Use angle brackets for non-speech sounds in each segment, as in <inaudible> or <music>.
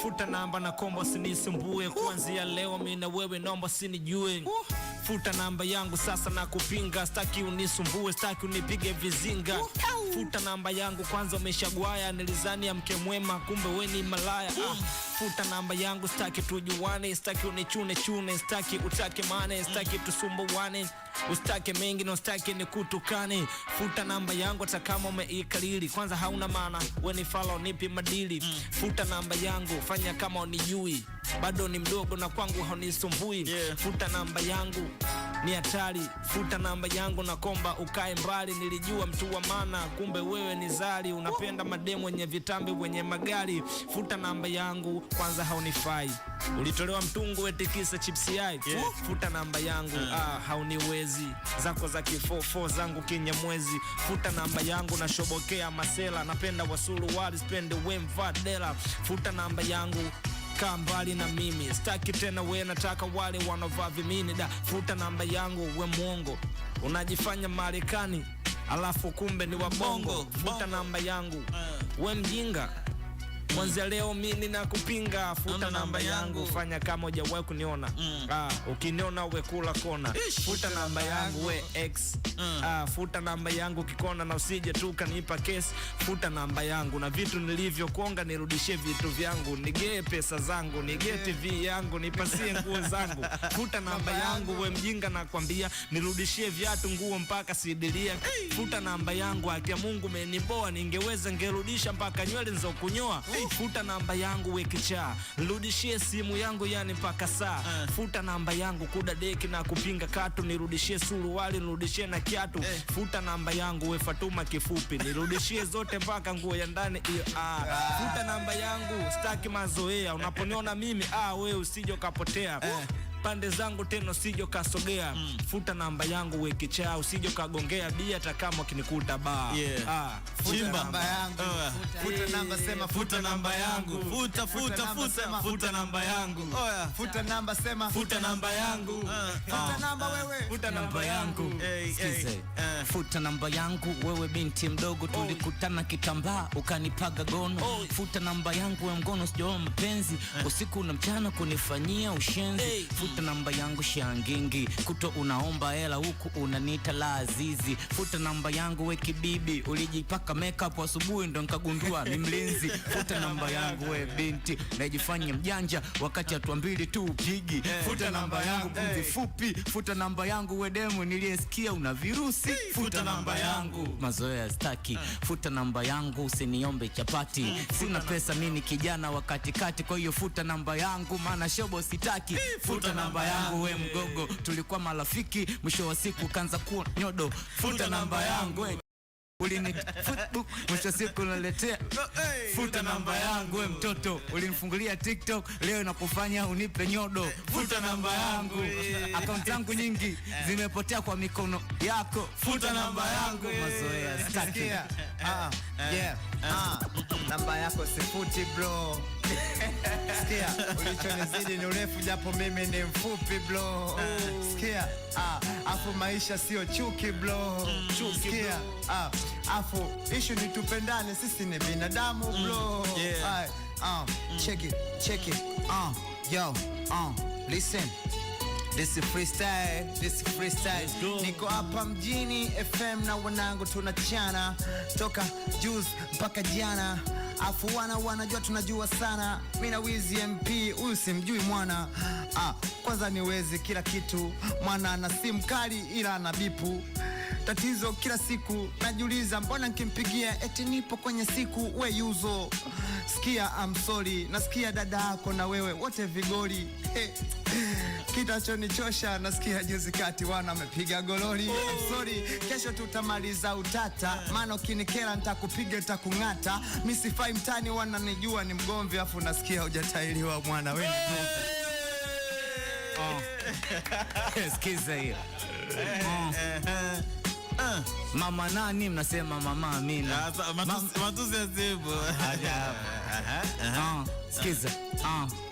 futa namba na kombo, sinisumbue kuanzia leo, mi na wewe, naomba sinijue Futa namba yangu sasa na kupinga, staki unisumbue, staki unipige vizinga. Futa namba yangu kwanza, umeshagwaya, ya mke mwema, kumbe we ni malaya. Ah. Futa namba yangu, staki tujuane, staki unichune chune, staki utake mane, staki tusumbuane, ustake mengi na ustake ni kutukane. Futa namba yangu hata kama umeikalili, kwanza hauna maana, weni falo nipi unipi madili. Mm. Futa namba yangu, fanya kama unijui, bado ni mdogo na kwangu haunisumbui. Futa namba yangu ni hatari, futa namba yangu na komba ukae mbali. Nilijua mtu wa maana, kumbe wewe ni zali. Unapenda mademu wenye vitambi, wenye magari. Futa namba yangu kwanza, haunifai. Ulitolewa mtungu wetikisa chipsi yai yeah. Futa namba yangu uh. Ah, hauniwezi zako za kifofo zangu mwezi, Futa namba yangu shobokea masela, napenda wasuruwali, spende wemvadela. Futa namba yangu kaa mbali na mimi, staki tena we, nataka wale wanaovaa vimini. Da, futa namba yangu, we mwongo, unajifanya Marekani alafu kumbe ni wabongo. Futa namba yangu, eh. we mjinga Mwanzia leo mi nina kupinga, futa namba yangu, fanya kama hujawahi kuniona. Mm. Ah, ukiniona uwe kula kona, futa namba yangu we ex. Mm. Ah, futa namba yangu kikona, na usije tu kanipa kesi. Futa namba yangu na vitu nilivyokuonga, nirudishie vitu vyangu, nigee pesa zangu, nigee TV yangu, nipasie nguo <laughs> zangu. Futa namba yangu we mjinga, nakwambia nirudishie viatu, nguo mpaka sidilia. Futa namba yangu, haki Mungu, meniboa ningeweza ngerudisha mpaka nywele nzokunyoa hey. Futa namba yangu wekicha, rudishie simu yangu yani mpaka saa uh. Futa namba yangu kuda deki na kupinga katu, nirudishie suruwali nirudishie na kiatu hey. Eh. Futa namba yangu we Fatuma kifupi, nirudishie zote mpaka nguo ya ndani hiyo ah. ah. Futa namba yangu staki mazoea, unaponiona mimi ah, we usije ukapotea uh pande zangu tena usijo kasogea mm. futa namba yangu weke cha usijo kagongea bia hata kama kinikuta ba yeah. ah, futa namba yangu Uh. futa namba sema futa namba yangu futa futa futa futa namba yangu oya oh, futa namba sema futa namba yangu eh. ah. eh. futa namba wewe futa namba yangu sikize futa namba yangu wewe binti mdogo tulikutana kitambaa ukanipaga gono futa namba yangu wewe mgono sijaoa mapenzi usiku na mchana kunifanyia ushenzi futa futa namba yangu shangingi, kuto unaomba hela huku unanita la azizi Futa namba yangu we kibibi, ulijipaka makeup asubuhi ndo nkagundua ni mlinzi. Futa namba yangu we binti, najifanya mjanja wakati hatua mbili tu upigi. Futa namba yangu pumzi fupi, futa namba yangu we demu niliyesikia una virusi. Futa namba yangu mazoea staki, futa namba yangu usiniombe chapati, sina pesa mini kijana wa katikati, kwa hiyo futa namba yangu maana shobo sitaki. Futa namba yangu, we mgogo, tulikuwa marafiki, mwisho wa siku kanza kuwa nyodo, futa namba yangu ulini Facebook mwisho siku naletea futa namba yangu we mtoto, ulinifungulia TikTok leo inakufanya unipe nyodo, futa namba yangu. Akaunti zangu nyingi zimepotea kwa mikono yako, futa namba yangu. Mazoea sitaki. Ah, yeah, ah, namba yako sifuti bro <laughs> Sikia, ulichonizidi ni urefu japo mimi ni mfupi bro. Sikia, ah, afu maisha sio chuki bro. Sikia, ah, afu ishu ni tupendane, sisi ni binadamu mm, bro. Ay, ah, check it, check it. Ah, yo, ah, listen This is freestyle, this is freestyle. Niko hapa mjini FM na wanangu tunachana toka juice mpaka jana, afu wana wanajua tunajua sana. Mimi na MP, huyu simjui mwana ah, kwanza niwezi kila kitu, mwana na simu kali ila na bipu tatizo kila siku najiuliza, mbona nkimpigia eti nipo kwenye siku. We yuzo sikia, I'm sorry, nasikia dada yako na wewe wote vigoli <laughs> hey. Kitachonichosha nasikia juzi kati wana amepiga gololi. I'm sorry, kesho tutamaliza utata, maana ukinikera ntakupiga ntakung'ata Mimi sifai mtani, wananijua ni mgomvi, afu nasikia ujatailiwa mwana wewe. Oh. <laughs> hiyo. Eh, eh, eh. Oh. Mama nani mnasema mama Amina? Matusi ya sibu. skiza <laughs>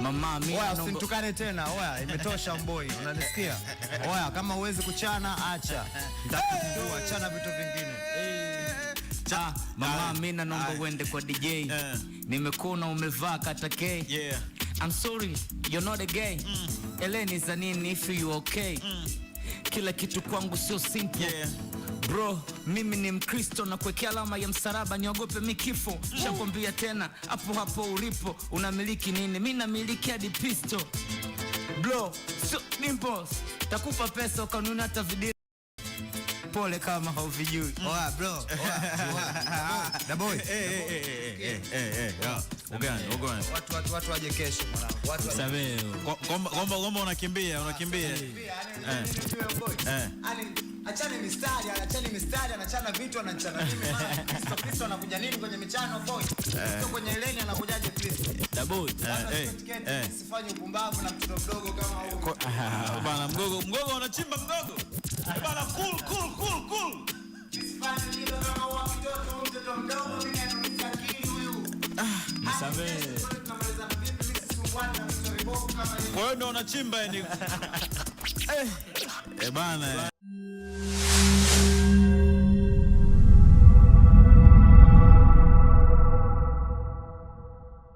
Mama mia oya, usimtukane tena oya, imetosha mboi, unanisikia <laughs> oya? Kama uwezi kuchana acha, ntakujua chana vitu vingine cha mama. Mimi na naomba uende kwa DJ, eh. nimekuna umevaa kata K. Yeah, I'm sorry you're not a gay mm. Eleni za nini if you okay mm. Kila kitu kwangu sio simple yeah. Bro, mimi ni Mkristo na kuwekea alama ya msalaba, niogope mi kifo. Shakwambia tena hapo hapo ulipo, unamiliki nini? Mi namiliki hadi pisto. Bro, so nimbos takupa pesa ukanuna hata video pole kama hauvijui. Mm. Oa bro, Eh eh eh eh. Watu watu watu waje kesho mwanangu. Watu Gomba gomba unakimbia, unakimbia. Eh. Eh achane mistari, achane mistari, anachana vitu, anachana mimi. Maana Kristo Kristo anakuja nini kwenye michano boy? Kristo kwenye leni anakujaje Kristo? Double. Eh. Sifanye upumbavu na mtoto mdogo kama huyo. Bana mgogo, mgogo unachimba mgogo. Bana cool cool cool cool. Sifanye hilo kama huyo mtoto mtoto mdogo mimi ananitia huyu. Ah, msamehe. Kwa hiyo ndo unachimba yani. Eh bana. you